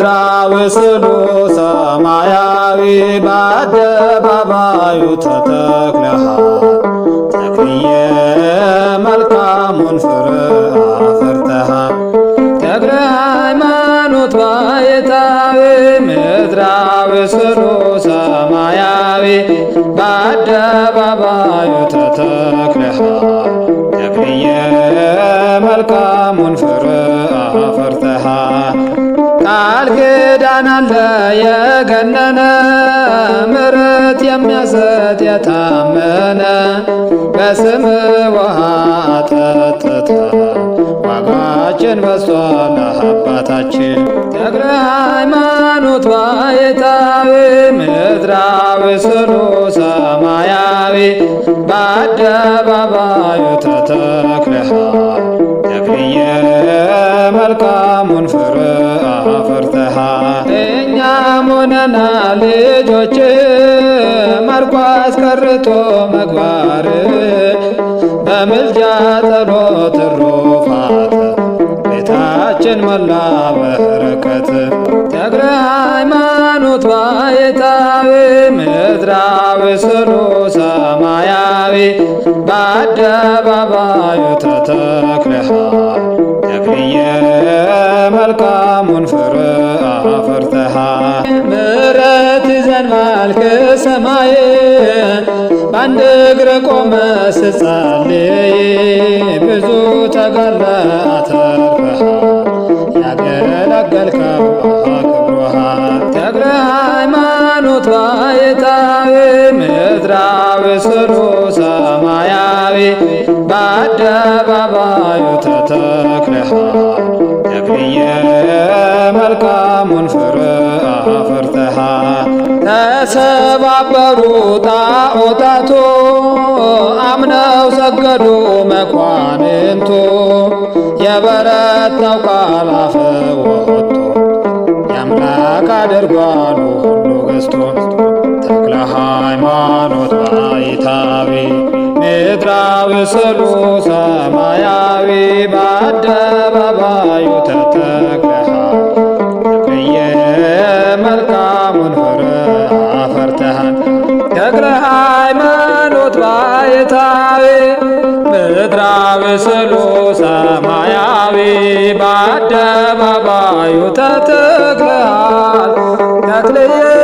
ምድራዊ ስሉ ሰማያዊ በአደባባዩ ተተክለሃል መልካሙን ፍሬ አፍርተሃል ተክለ ሃይማኖት ሰማያዊ በአደባባዩ ተተክለሃል መልካሙን ፍሬ ቃል ኪዳን አለ የገነነ ምሕረት የሚያሰጥ የታመነ በስም ውሃ ዋጋችን በሷል አባታችን ተክለ ሃይማኖት ባይታዊ ምድራዊ ሰማያዊ በአደባባዩ ተክልየ መልካ አርጎ አስቀርቶ መግባር በምልጃ ጸሎት ትሩፋት ቤታችን መላ በረከት ተክለ ሃይማኖት ባይታዊ ምድራዊ ስሉ ሰማያዊ በአደባባዩ ተተክለሃ ተክልየ መልካሙን ፍር አፈርተሃ ምረት ይዘን ማልክ አንድ እግር ቆመ ስጸልይ ብዙ ተጋድለ አተርፈሃል ያገለገልከው አክብሮሃል ተክለ ሃይማኖት ባይታዊ ምድራዊ ስሩ ሰማያዊ በአደባባዩ ተተክለሃል ተክልየ መልካሙን ፍር አፍርተሃል ተሰባ ተባበሩ ጣዖታቱ አምነው ሰገዱ መኳንንቱ የበረታው ቃል አፈ የአምላክ አድርጓሉ ሁሉ ገዝቶ ተክለ ሃይማኖት ባይታዊ ምድራዊ ስሉ ሰማያዊ ባ ተክለ ሃይማኖት ባይታዊ ምድራዊ ስሉ ሰማያዊ በአደባባዩ ተተክለሃል ተክልዬ